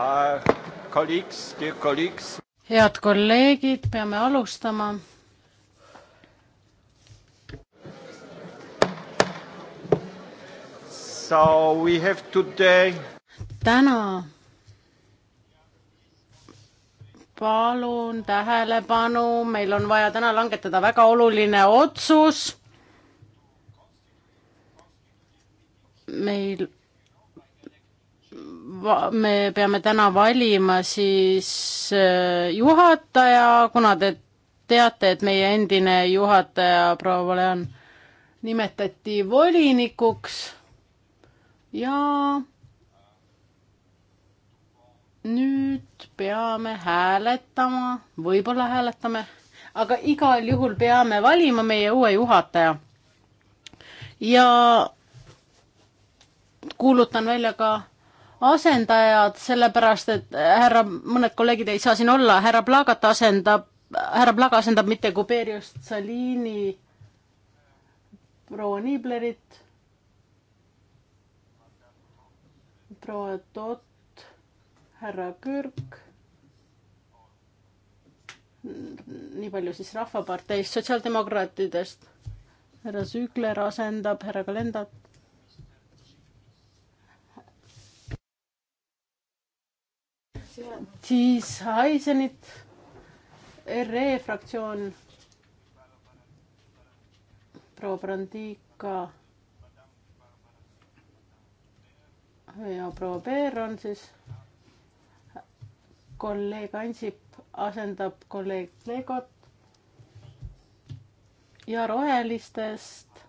Uh, colleagues, dear colleagues. head kolleegid, peame alustama. So we have today. täna palun tähelepanu, meil on vaja täna langetada väga oluline otsus. meil me peame täna valima siis äh, juhataja, kuna te teate, et meie endine juhataja proua Valean nimetati volinikuks ja nüüd peame hääletama, võib-olla hääletame, aga igal juhul peame valima meie uue juhataja. ja kuulutan välja ka asendajad, sellepärast et härra, mõned kolleegid ei saa siin olla, härra Plagat asendab, härra Plaga asendab mitte Kuberiust Salini, proua Niiblerit, proua Tott, härra Kürk, nii palju siis Rahvaparteist, sotsiaaldemokraatidest, härra Süügler asendab härra Kalendat siis Aisenit, RE fraktsioon, proua Brandika ja proua Peer on siis kolleeg Ansip asendab kolleeg Legot ja rohelistest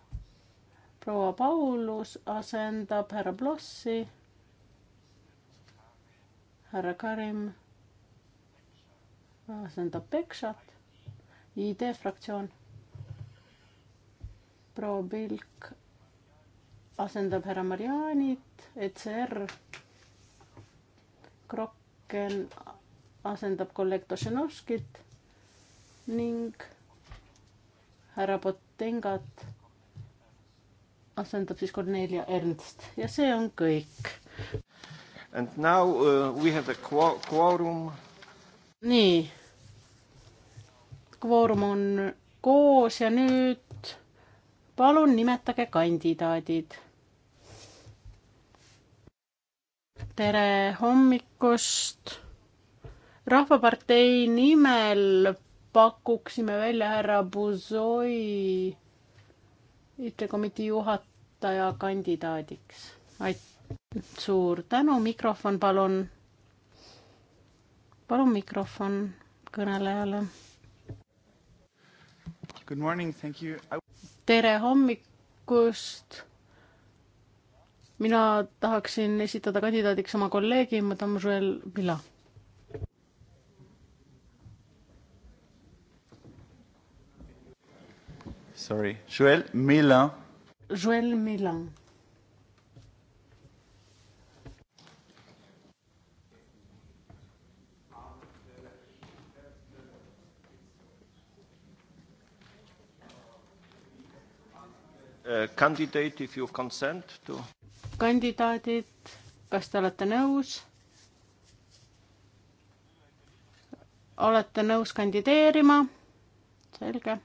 proua Paulus asendab härra Blossi härra Karim asendab ah, Peksat, ID fraktsioon. proua Pilk asendab härra Marianit, ECR. Krokken asendab kolleeg Tošenovskit ning härra Potengat asendab siis Kornelia Ernst ja see on kõik And now uh, we have the quorum. nii. kvoorum on koos ja nüüd palun nimetage kandidaadid. tere hommikust. rahvapartei nimel pakuksime välja härra Buzoi IT-komitee juhataja kandidaadiks. aitäh suur tänu, mikrofon palun. palun mikrofon kõnelejale. tere hommikust. mina tahaksin esitada kandidaadiks oma kolleegi, madame Joel Villa. Sorry, Joel Milan. Joel Milan Uh, candidate, if you consent to. kandidaadid, kas te olete nõus? olete nõus kandideerima? selge.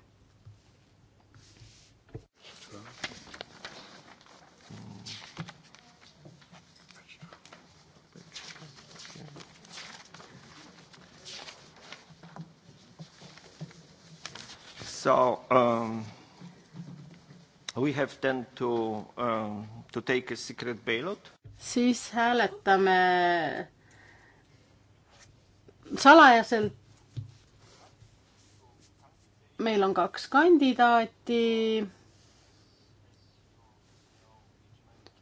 So um, We have then to um,, to take a secret bailout. siis hääletame salajaselt. meil on kaks kandidaati.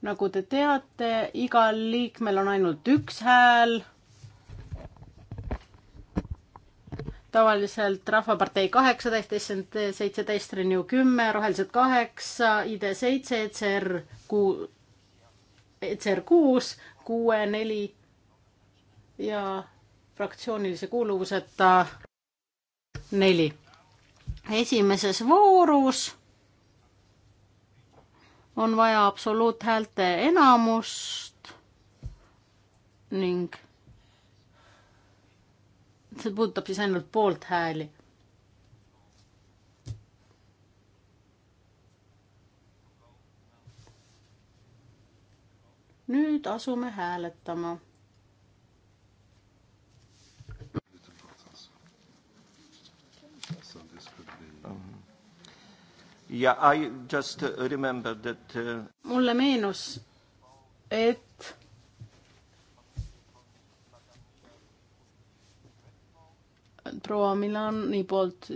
nagu te teate, igal liikmel on ainult üks hääl tavaliselt Rahvapartei kaheksateist, SNT seitseteist, Renew kümme, Rohelised kaheksa, ID seitse, ECR kuu, ECR kuus, kuue, neli ja fraktsioonilise kuuluvuseta neli. esimeses voorus on vaja absoluuthäälte enamust ning see puudutab siis ainult poolt hääli. nüüd asume hääletama. Yeah, I just uh, remember that uh... mulle meenus, et proua Milani poolt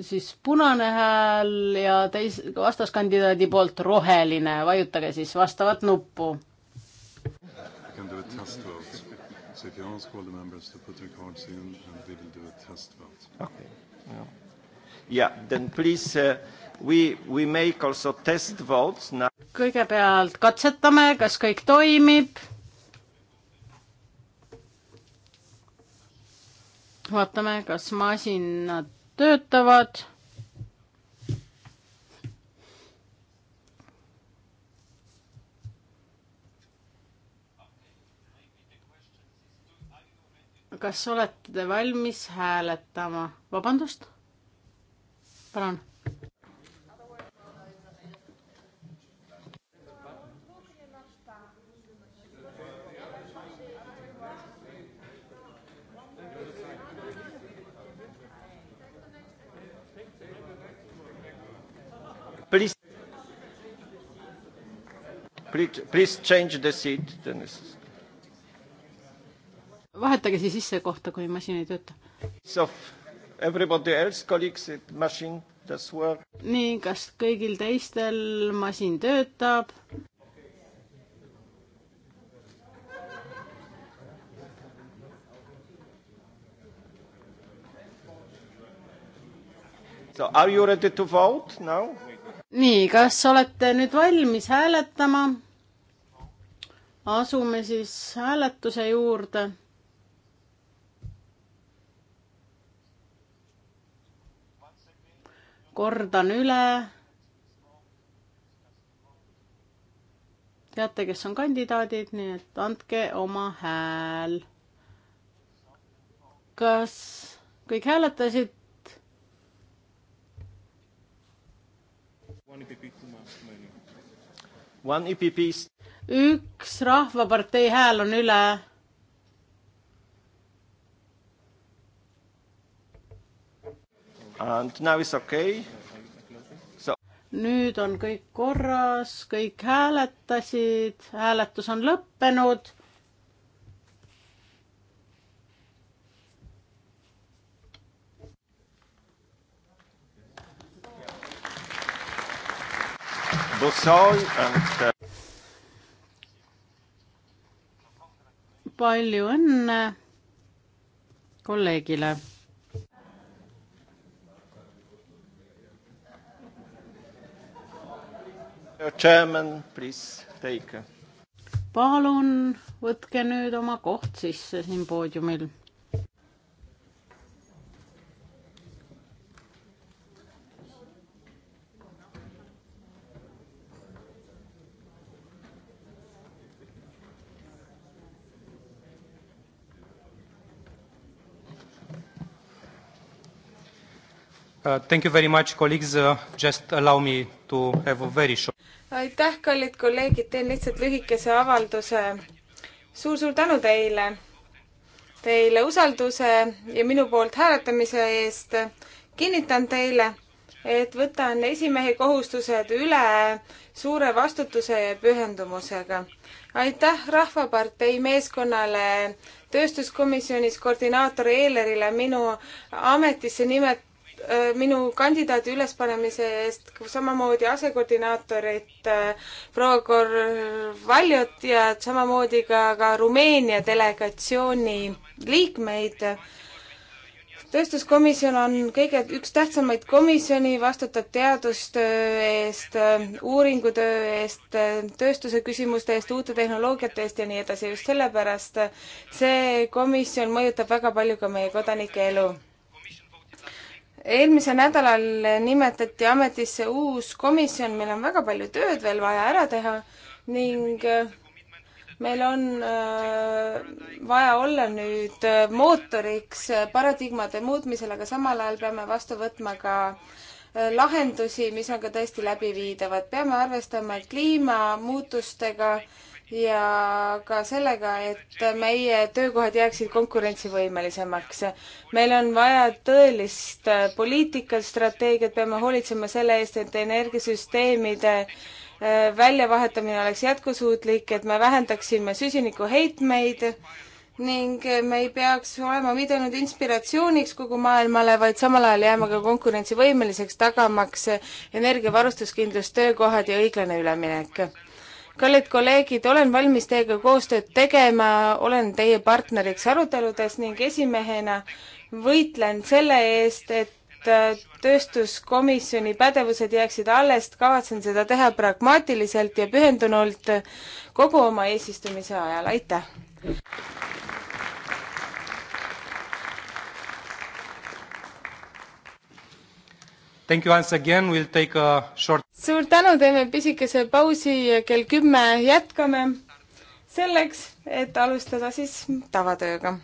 siis punane hääl ja teis-, vastaskandidaadi poolt roheline, vajutage siis vastavat nuppu. So if you ask all the members to put their cards in and we will do a test vote. Okay. Yeah. Yeah, then please uh, we, we make also test votes now. kõigepealt katsetame, kas kõik toimib vaatame, kas masinad töötavad. kas olete valmis hääletama? vabandust? palun Please, please change the seat, Tõnis. vahetage siis istekohta, kui masin ei tööta. So everybody else colleagues, it machine does work. nii, kas kõigil teistel masin töötab? So are you ready to vote now? nii, kas olete nüüd valmis hääletama? asume siis hääletuse juurde. kordan üle. teate, kes on kandidaadid, nii et andke oma hääl. kas kõik hääletasid? E e üks Rahvapartei hääl on üle. Okay. So... nüüd on kõik korras, kõik hääletasid, hääletus on lõppenud Bussoi and palju õnne kolleegile. Chairman, please take. palun võtke nüüd oma koht sisse siin poodiumil Uh, thank you very much, colleagues uh,. Just allow me to have a very short. aitäh, kallid kolleegid, teen lihtsalt lühikese avalduse suur,. suur-suur tänu teile, teile usalduse ja minu poolt hääletamise eest. kinnitan teile, et võtan esimehe kohustused üle suure vastutuse ja pühendumusega. aitäh Rahvapartei meeskonnale tööstuskomisjonis koordinaator Eelerile minu ametisse nimet-, Äh, minu kandidaadi ülespanemise eest, samamoodi asekoordinaatorit äh, proua Korvaljot ja samamoodi ka, ka Rumeenia delegatsiooni liikmeid. tööstuskomisjon on kõige, üks tähtsamaid komisjoni, vastutab teadustöö eest, uuringutöö eest, tööstuse küsimuste eest, uute tehnoloogiate eest ja nii edasi. just sellepärast see komisjon mõjutab väga palju ka meie kodanike elu eelmisel nädalal nimetati ametisse uus komisjon, meil on väga palju tööd veel vaja ära teha ning äh, meil on äh, vaja olla nüüd äh, mootoriks paradigmade muutmisel, aga samal ajal peame vastu võtma ka lahendusi, mis on ka tõesti läbiviidavad. peame arvestama kliimamuutustega ja ka sellega, et meie töökohad jääksid konkurentsivõimelisemaks. meil on vaja tõelist äh, poliitikat, strateegiat, peame hoolitsema selle eest, et energiasüsteemide äh, väljavahetamine oleks jätkusuutlik, et me vähendaksime süsinikuheitmeid ning äh, me ei peaks olema mitte ainult inspiratsiooniks kogu maailmale, vaid samal ajal jääma ka konkurentsivõimeliseks, tagamaks energiavarustuskindlus, töökohad ja õiglane üleminek kallid kolleegid, olen valmis teiega koostööd tegema, olen teie partneriks aruteludes ning esimehena võitlen selle eest, et äh, tööstuskomisjoni pädevused jääksid alles, kavatsen seda teha pragmaatiliselt ja pühendunult kogu oma eesistumise ajal, aitäh! Thank you once again, we'll take a short suur tänu, teeme pisikese pausi, kell kümme jätkame selleks, et alustada siis tavatööga.